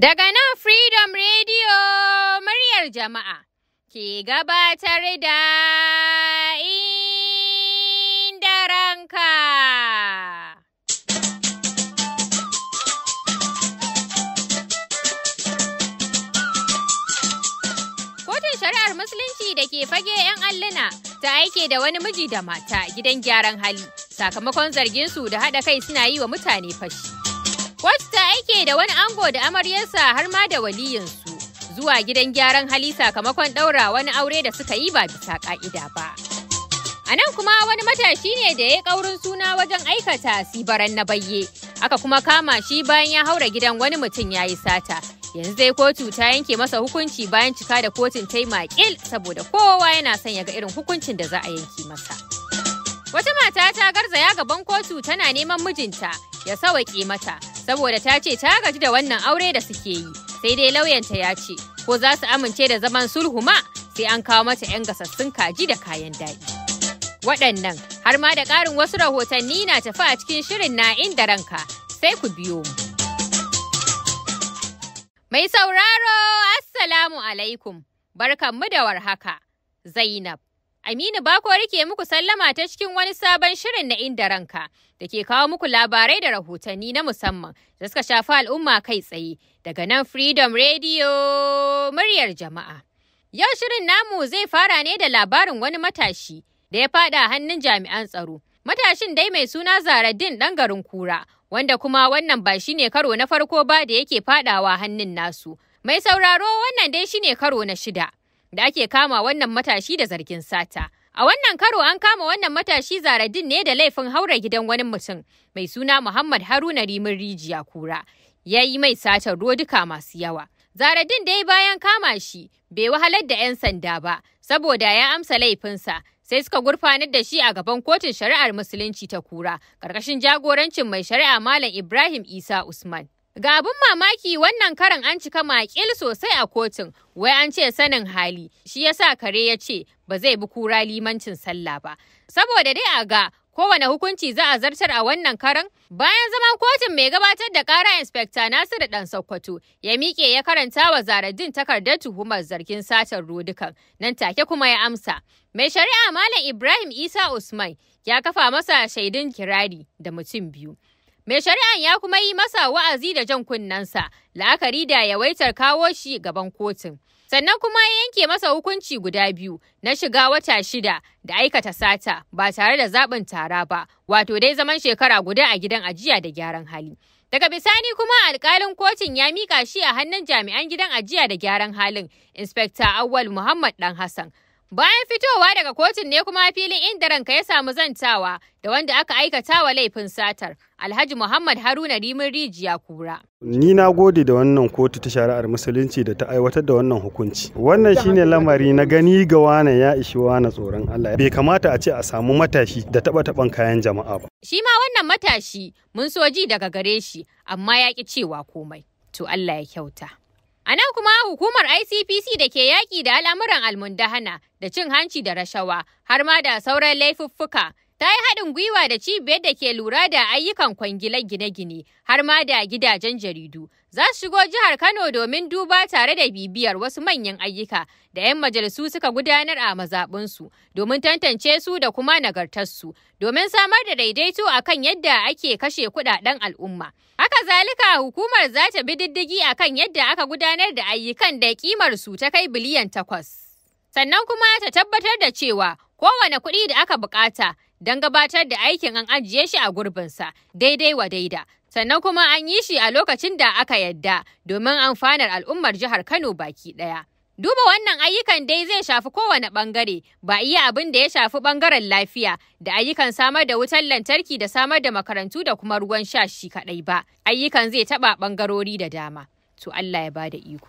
Daga nan Freedom Radio muryar jama'a ke gabatar da inda ranka. Kotun shari'ar Musulunci da ke fage 'yan alluna ta aike da wani miji da mata gidan gyaran hali sakamakon zargin su da haɗa kai suna yi wa mutane fashi. Wacce ta aike da wani ango da amaryarsa har ma da waliyinsu zuwa gidan gyaran hali sakamakon ɗaura wani aure da suka yi ba bisa ƙa'ida ba. A nan kuma wani matashi ne da ya yi ƙaurin suna wajen aikata sibaran na bayye, aka kuma kama shi bayan ya haura gidan wani mutum ya yi sata. Yanzu dai kotu ta yanke masa hukunci bayan cika da kotun ta yi saboda kowa yana son ya ga irin hukuncin da za a yanke masa. Wata mata ta garzaya gaban kotu tana neman mijinta ya sawaƙe mata saboda ta ce ta gaji da wannan aure da suke yi sai dai lauyanta ya ce ko za su amince da zaman sulhu ma sai an kawo mata 'yan gasassun kaji da kayan daɗi. Waɗannan har ma da ƙarin wasu rahotanni na tafi a cikin shirin na inda ranka sai ku biyo mu. Mai sauraro Assalamu alaikum, barkanmu da warhaka, Zainab. Aminu Bako rike muku sallama ta cikin wani sabon shirin na inda ranka da ke kawo muku labarai da rahotanni na musamman da suka shafi al'umma kai tsaye daga nan Freedom Radio muryar jama'a. Yau shirin namu zai fara ne da labarin wani matashi da ya fada hannun jami'an tsaro. Matashin dai mai suna Zaraddin ɗan garin Kura wanda kuma wannan ba shine karo na farko ba da yake fadawa hannun nasu. Mai sauraro wannan dai shine karo na shida. da ake kama wannan matashi da zargin sata. A wannan karo an kama wannan matashi Zaradin ne da laifin haura gidan wani mutum mai suna Muhammad Haruna Rimin Rijiya Kura. Ya yi mai satar roduka masu yawa. Zaradin dai bayan kama shi bai wahalar da 'yan sanda ba saboda ya amsa laifinsa sai suka gurfanar da shi a gaban kotun shari'ar musulunci ta kura ƙarƙashin jagorancin mai shari'a Malam Ibrahim Isa Usman. Ga abin mamaki wannan karan an cika makil sosai a kotun, wai an ce sanin hali, shi ya sa kare ya ce ba zai bi kura limancin sallah ba. Saboda dai a ga kowane hukunci za a zartar a wannan karan bayan zaman kotun mai gabatar da kara inspekta nasiru dan sokoto ya miƙe ya karanta wa zaradin takardar tuhumar zargin satar rodukan nan take kuma ya amsa mai shari'a malam ibrahim isa usman ya kafa masa shaidun kirari da mutum biyu Mai shari'an ya kuma yi masa wa'azi da jan kunnensa, la'akari da yawaitar kawo shi gaban kotun. Sannan kuma ya yanke masa hukunci guda biyu na shiga wata shida da aikata sata ba tare da zaɓin tara ba, wato dai zaman shekara guda a gidan ajiya da gyaran hali. Daga bisani kuma alkalin kotun ya mika shi a hannun jami'an gidan ajiya da gyaran halin, Inspector Awwal Muhammad Dan Hassan. Bayan fitowa daga kotun ne kuma filin inda ranka ya samu zantawa da wanda aka aikata wa laifin satar, Alhaji Muhammad Haruna Rimin Rijiya Kura. Ni na gode da wannan kotu ta shari'ar musulunci da ta aiwatar da wannan hukunci. Wannan shine lamari na gani ga wane ya ishi wane tsoron Allah. Bai kamata a ce a samu matashi da taba taban kayan jama'a ba. Shi ma wannan matashi mun soji daga gare shi amma ya ki cewa komai. To Allah ya kyauta. A nan kuma hukumar ICPC da ke yaƙi da al'amuran almundahana da cin hanci da rashawa har ma da sauran laifuffuka ta yi haɗin gwiwa da cibiyar da ke lura da ayyukan kwangilar gine-gine har ma da gidajen jaridu za su shigo jihar Kano domin duba tare da bibiyar wasu manyan ayyuka da 'yan majalisu suka gudanar a mazaɓinsu domin tantance su da kuma nagartarsu domin samar da daidaito akan yadda ake kashe kuɗaɗen al'umma. Haka zalika hukumar za ta bi diddigi a kan yadda aka gudanar da ayyukan da kimar su ta kai biliyan takwas. Sannan kuma ta tabbatar da cewa kowane kuɗi da aka buƙata don gabatar da aikin an ajiye shi a gurbinsa daidai wa daida. Sannan kuma an yi shi a lokacin da aka yadda domin amfanar al'ummar jihar Kano baki ɗaya. Duba wannan ayyukan dai zai shafi kowane ɓangare, ba iya abin da ya shafi ɓangaren lafiya da ayyukan samar da wutar lantarki da samar da makarantu da kuma ruwan sha shi kaɗai ba. Ayyukan zai taɓa ɓangarori da dama. To Allah ya bada iko.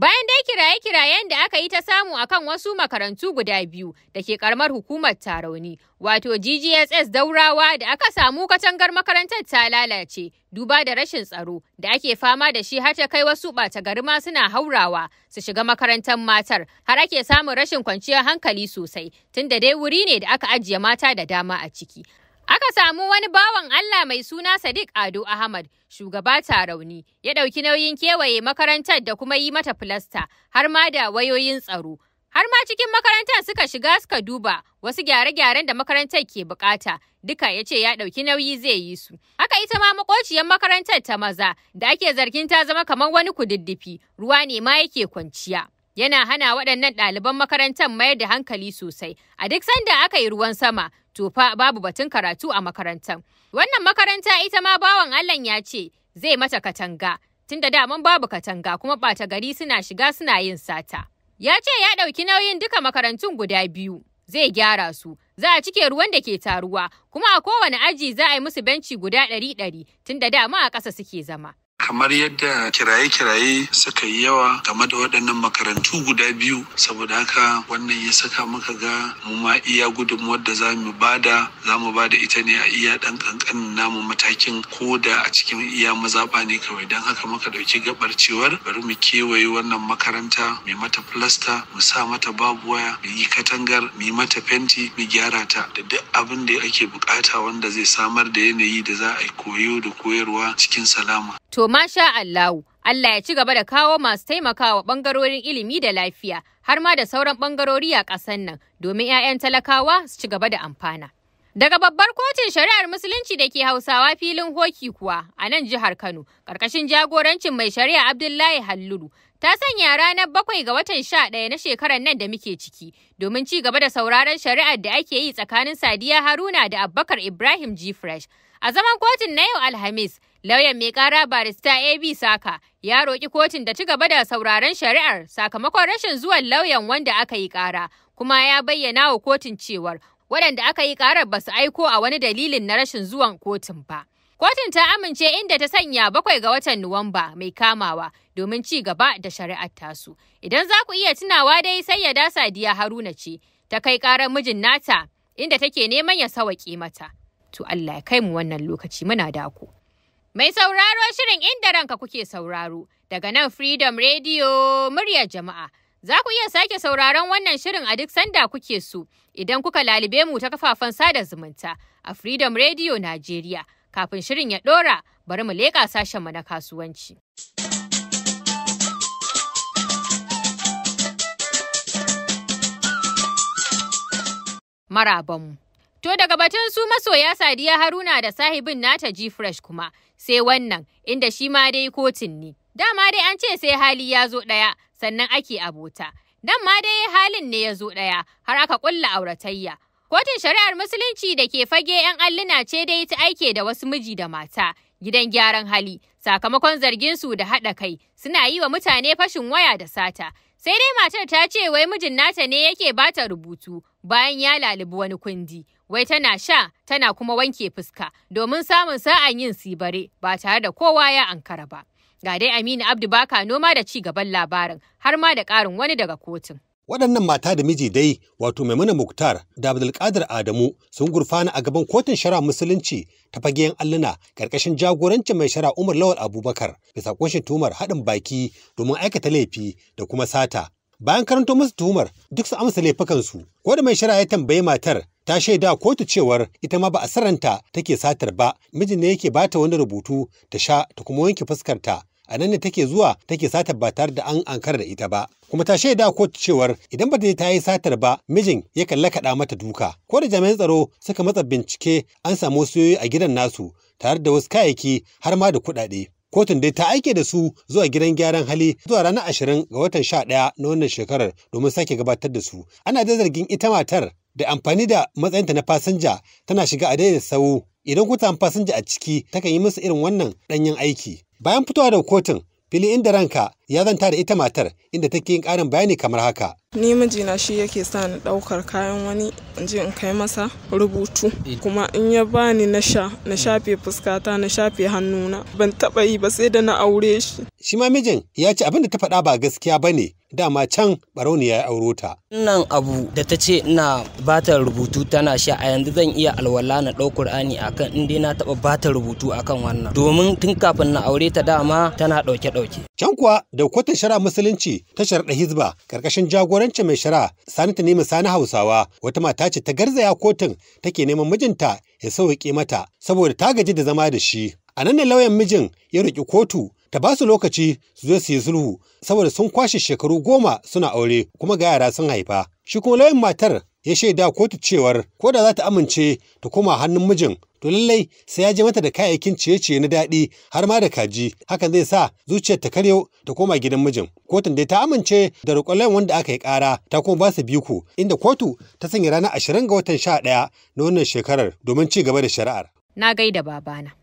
Bayan dai kiraye-kirayen da aka yi ta samu a kan wasu makarantu guda biyu da ke karamar hukumar Tarauni, wato GGSS Daurawa da aka samu katangar makarantar ta lalace duba da rashin tsaro da ake fama da shi har ta kai wasu ɓata gari ma suna haurawa su shiga makarantar matar har ake samun rashin kwanciyar hankali sosai tunda dai wuri ne da aka ajiye mata da dama a ciki. Aka samu wani bawan Allah mai suna Sadiq Ado Ahmad, shugaba tarauni, ya ɗauki nauyin kewaye makarantar da kuma yi mata filasta, har ma da wayoyin tsaro. Har ma cikin makarantar suka shiga suka duba wasu gyare-gyaren da makarantar ke bukata, duka ya ce ya ɗauki nauyi zai yi su. Haka ita ma makociyar makarantar ta maza, da ake zargin ta zama kamar wani kududdufi, ruwa ne ma yake kwanciya. yana hana waɗannan ɗaliban makarantar mayar da hankali sosai a duk sanda aka yi ruwan sama to fa babu batun karatu a makarantar wannan makaranta ita ma bawan allah ya ce zai mata katanga tunda mun babu katanga kuma ɓata gari suna shiga suna yin sata ya ce ya ɗauki nauyin duka makarantun guda biyu zai gyara su za a cike ruwan da ke taruwa kuma a kowane aji za a yi musu benci guda ɗari ɗari tunda dama a ƙasa suke zama kamar yadda kiraye-kiraye suka yi yawa game da waɗannan makarantu guda biyu saboda haka wannan ya saka muka ga mu ma iya gudun da za mu bada za mu bada ita ne a iya ɗan ƙanƙanin namu matakin ko da a cikin iya mazaɓa ne kawai don haka muka ɗauki gaɓar cewar bari mu kewaye wannan makaranta mai mata filasta mu sa mata babu waya mu yi katangar mu yi mata fenti mu gyara ta da duk abin da ake bukata wanda zai samar da yanayi da za a yi koyo da koyarwa cikin salama. Masha Allahu, Allah ya ci gaba da kawo masu taimakawa ɓangarorin ilimi da lafiya, har ma da sauran ɓangarori a ƙasar nan, domin 'ya'yan talakawa su ci gaba da amfana. Daga babbar kotun shari'ar musulunci da ke hausawa filin hoki kuwa a nan jihar Kano, ƙarƙashin jagorancin mai shari'a Abdullahi Halluru, ta sanya ranar bakwai ga watan sha ɗaya na shekarar nan da muke ciki, domin ci gaba da sauraron shari'ar da ake yi tsakanin Sadiya Haruna da Abubakar Ibrahim G. Fresh. A zaman kotun na yau Alhamis, Lauyan mai kara barista AB Saka ya roƙi kotun da ci gaba da sauraron shari'ar sakamakon rashin zuwan lauyan wanda aka yi kara kuma ya bayyana wa kotun cewar waɗanda aka yi karar ba su aiko a wani dalilin na rashin zuwan kotun ba. Kotun ta amince inda ta sanya bakwai ga watan Nuwamba mai kamawa domin ci gaba da shari'ar tasu. Idan za ku iya tunawa dai sai ya dasa Diya Haruna ce ta kai karar mijin nata inda take neman ya sawaƙe mata. To Allah ya kai mu wannan lokaci muna dako. Mai sauraro shirin inda ranka kuke sauraro daga nan Freedom Radio murya jama'a. Za ku iya sake sauraron wannan shirin a duk sanda kuke so idan kuka lalibe mu ta kafafen sada zumunta a Freedom Radio Najeriya. Kafin shirin ya ɗora bari mu leƙa sashen mu na kasuwanci. Marabanmu. To daga batun su masoya Sadiya Haruna da sahibin nata ji fresh kuma sai wannan inda shi ma dai kotun ne. Dama dai an ce sai hali ya zo ɗaya sannan ake abota. Dan ma dai halin ne ya zo ɗaya har aka ƙulla auratayya. Kotun shari'ar musulunci da ke fage 'yan alluna ce dai ta aike da wasu miji da mata gidan gyaran hali sakamakon zargin su da haɗa kai suna yi wa mutane fashin waya da sata. Sai dai matar ta ce wai mijin nata ne yake bata rubutu bayan ya lalibi wani kundi wai tana sha tana kuma wanke fuska domin samun sa'an yin sibare ba tare da kowa ya ankara ba ga dai aminu abdu baka noma da ci gaban labarin har ma da ƙarin wani daga kotun waɗannan mata da miji dai wato maimuna muktar da abdulkadir adamu sun gurfana a gaban kotun shara musulunci ta fagen alluna ƙarƙashin jagorancin mai shara umar lawal abubakar bisa ƙunshin tumar haɗin baki domin aikata laifi da kuma sata Bayan karanto musu tuhumar, duk su amsa laifukansu. Ko da mai shari'a ya tambayi matar, ta shaida kotu cewar ita ma ba a saranta take satar ba, mijin ne yake bata wani rubutu ta sha ta kuma wanke fuskar ta, a nan ne take zuwa take satar ba tare da an ankara da ita ba kuma ta shaida kotu cewar idan ba ta ta yi satar ba mijin ya kalla kaɗa mata duka ko da jami'an tsaro suka matsa bincike an samu wasu a gidan nasu tare da wasu kayayyaki har ma da kuɗaɗe Kotun dai ta aike da su zuwa gidan gyaran hali zuwa ranar ashirin ga watan sha ɗaya na wannan shekarar domin sake gabatar da su. Ana da zargin ita matar da amfani da matsayinta na fasinja tana shiga a daidai sau idan kutan fasinja a ciki takan yi musu irin wannan ɗanyen aiki. Bayan fitowa daga kotun fili inda ranka ya zanta da ita matar inda take yin ƙarin bayani kamar haka. Ni mijina shi yake sa ni ɗaukar kayan wani in je in kai masa rubutu eh. kuma in ya bani na sha na mm. shafe fuskata na shafe hannuna ban taɓa yi ba sai da na aure shi. Shi ma mijin ya ce abin da ta faɗa ba gaskiya ba ne dama can barauniya ya auro ta. Wannan abu da ta ce ina bata rubutu tana sha a yanzu zan iya alwala na ɗau Kur'ani akan kan dai na taɓa bata rubutu akan wannan. Domin tun kafin na aure ta dama tana ɗauke-ɗauke. Can kuwa da kwatan shara musulunci ta sharɗa hizba ƙarƙashin jagoranci mai shara sani ta nemi sani hausawa wata mata ce ta garzaya kotun take neman mijinta ya sauƙi mata saboda ta gaji da zama da shi. A nan ne lauyan mijin ya roƙi kotu ta ba su lokaci su zo su yi sulhu saboda sun kwashe shekaru goma suna aure kuma ga yara sun haifa shi kuma lauyan matar ya shaida kotu cewar ko da za ta amince ta koma hannun mijin to lallai sai ya je mata da kayayyakin ciye-ciye na daɗi har ma da kaji hakan zai sa zuciyar ta karyo ta koma gidan mijin kotun dai ta amince da roƙon wanda aka yi ƙara ta kuma ba su ku, inda kotu ta sanya ranar ashirin ga watan sha ɗaya na wannan shekarar domin ci gaba da shari'ar na gaida babana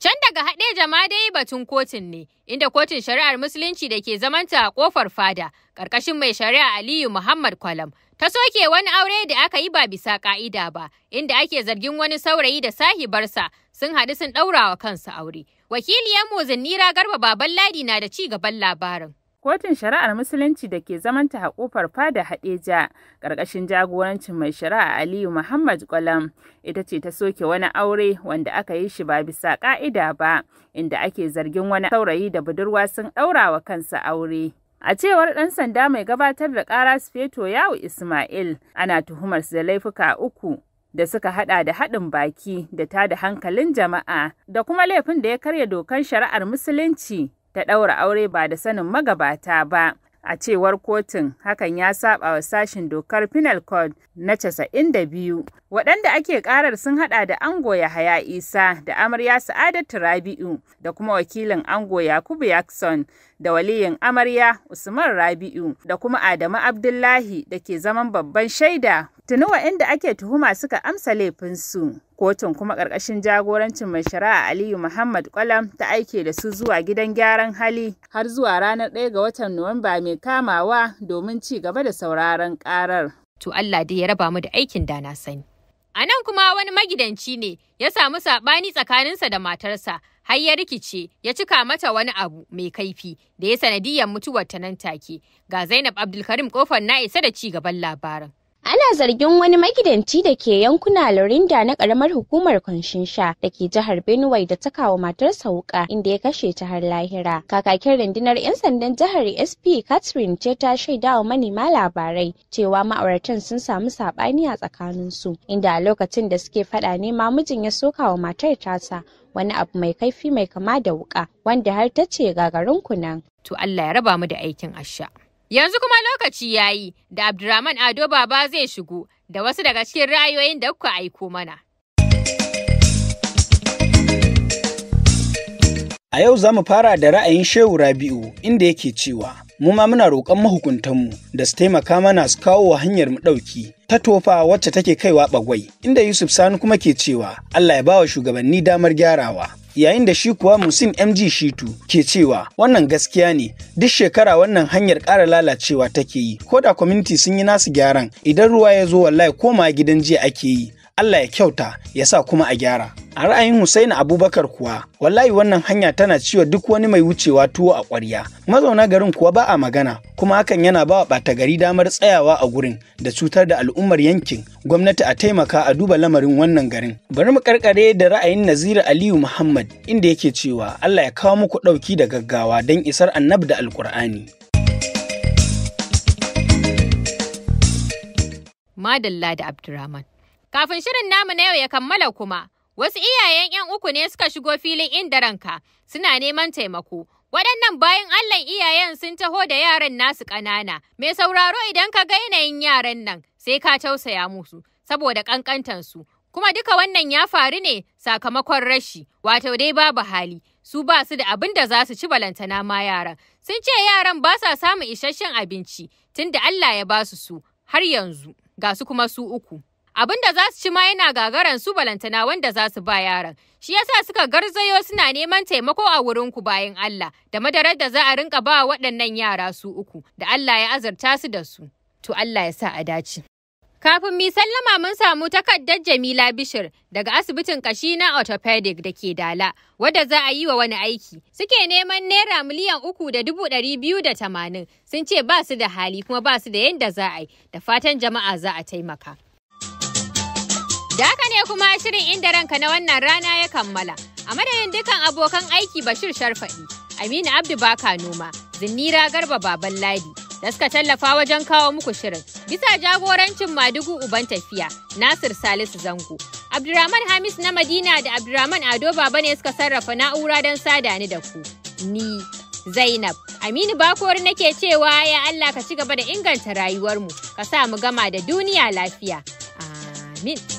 Can daga jama'a da dai batun kotun ne, inda kotun shari'ar Musulunci da ke zamanta a ƙofar fada, ƙarƙashin mai shari'a Aliyu Muhammad Kwalam, ta soke wani aure da aka yi ba bisa ƙa'ida ba, inda ake zargin wani saurayi da sahibarsa sun haɗu sun ɗaura wa kansa aure. Wakiliyar Nira Garba Baballadi na da ci gaban labarin. Kotun Shari'ar Musulunci da ke zaman ta haƙofar fada Hadeja ƙarƙashin jagorancin mai shari'a Aliyu Muhammad Gwalam ita ce ta soke wani aure wanda aka yi shi ba bisa ƙa'ida ba inda ake zargin wani saurayi da budurwa sun ɗaura wa kansa aure. A cewar ɗan sanda mai gabatar da ƙara Sufeto Yawu Ismail ana tuhumar su da laifuka uku da suka haɗa da haɗin baki da tada hankalin jama'a da kuma laifin da ya karya dokan shari'ar musulunci ta ɗaura aure ba da sanin magabata ba. A cewar kotun, hakan ya saba wa sashin dokar Penal Code na casa'in da biyu. Waɗanda ake ƙarar sun haɗa da ango Yahaya Isa da amarya Sa'adatu Rabi'u da kuma wakilin ango Yakubu Yakson da waliyin amarya Usman Rabi'u da kuma Adamu Abdullahi da ke zaman babban shaida. Tuni waɗanda ake tuhuma suka amsa laifinsu. Kotun kuma ƙarƙashin jagorancin mai shari'a Aliyu Muhammad Kwalam ta aike da su zuwa gidan gyaran hali har zuwa ranar 1 ga watan Nuwamba mai kamawa domin ci gaba da sauraron ƙarar. To Allah dai ya raba mu da aikin da na sani. A nan kuma wani magidanci ne ya samu saɓani tsakaninsa da matarsa har ya rikice ya cika mata wani abu mai kaifi da ya sanadiyar mutuwar ta nan take. Ga Zainab Abdulkarim kofar na isa da ci gaban labarin. Ana zargin wani magidanci da ke yankuna Lorinda na karamar hukumar Kunshinsha da ke jihar Benue da ta kawo matarsa wuka inda ya kashe ta har lahira. Kakakin rundunar 'yan sandan jihar SP Catherine ce ta shaida wa manema labarai cewa ma'auratan sun samu saɓani a tsakaninsu inda a lokacin da suke faɗa ne ma mijin ya soka wa matar tasa wani abu mai kaifi mai kama da wuka wanda har ta ce gagarin kunan. To Allah ya raba mu da aikin asha. Yanzu kuma lokaci ya yi da Abdurrahman Ado Baba zai shigo da wasu daga cikin ra'ayoyin da kuka aiko mana. A yau za mu fara da ra'ayin Shehu Rabi'u inda yake cewa mu ma muna roƙon mahukuntanmu da su taimaka mana su kawo wa hanyar mu ɗauki ta tofa wacce take kaiwa bagwai inda yusuf sani kuma ke cewa allah ya bawa shugabanni damar gyarawa yayin da shi kuwa musim mg shitu ke cewa wannan gaskiya ne duk shekara wannan hanyar ƙara lalacewa take yi ko da kwaminti sun yi nasu gyaran idan ruwa ya zo wallahi koma gidan jiya ake yi Allah ya kyauta ya sa kuma a gyara. A ra'ayin Hussaini Abubakar kuwa, wallahi wannan hanya tana ciwa duk wani mai wucewa tuwo a ƙwarya. Mazauna garin kuwa ba a magana, kuma hakan yana ba wa ɓata gari damar tsayawa a gurin da cutar da al'ummar yankin. Gwamnati a taimaka a duba lamarin wannan garin. Bari mu karkare da ra'ayin naziru Aliyu Muhammad inda yake cewa Allah ya kawo muku ɗauki da gaggawa don isar annabi da Alƙur'ani. Madalla da Abdurrahman. Kafin shirin namu na yau ya kammala kuma, wasu iyayen 'yan uku ne suka shigo filin inda ranka suna neman taimako. Waɗannan bayan allah iyayen sun taho da yaran nasu ƙanana. Mai sauraro idan ka ga yanayin yaran nan sai ka tausaya musu saboda ƙanƙantansu. Kuma duka wannan ya faru ne sakamakon rashi, wato dai babu hali. Su ba su da abin da za su ci balantana ma yaran. Sun ce yaran ba sa samun isasshen abinci tunda Allah ya ba su su har yanzu. Ga su kuma su uku. abin da za su ci ma yana gagaran su balantana wanda za su ba yaran shi yasa suka garzayo suna neman taimako a wurin ku bayan Allah da madarar da za a rinka ba waɗannan yara su uku da Allah ya azurta su da su to Allah ya sa a dace Kafin mi sallama mun samu takardar Jamila Bishir daga asibitin kashi na orthopedic da ke Dala, wadda za a yi wa wani aiki. Suke neman naira miliyan uku da dubu ɗari biyu da tamanin, sun ce ba su da hali kuma ba su da yadda za a yi, da fatan jama'a za a taimaka. Da haka ne kuma shirin inda ranka na wannan rana ya kammala. A madadin dukan abokan aiki Bashir Sharfaɗi, Aminu Abdu Baka Noma, Zinnira Garba Baban Ladi, da suka tallafa wajen kawo muku shirin. Bisa jagorancin Madugu Uban Tafiya, Nasir Salisu Zango. Abdurrahman Hamis na Madina da Abdurrahman Ado Baba ne suka sarrafa na'ura don sada ni da ku. Ni Zainab. Aminu Bakori nake cewa ya Allah ka ci gaba da inganta rayuwarmu, ka sa mu gama da duniya lafiya. Amin.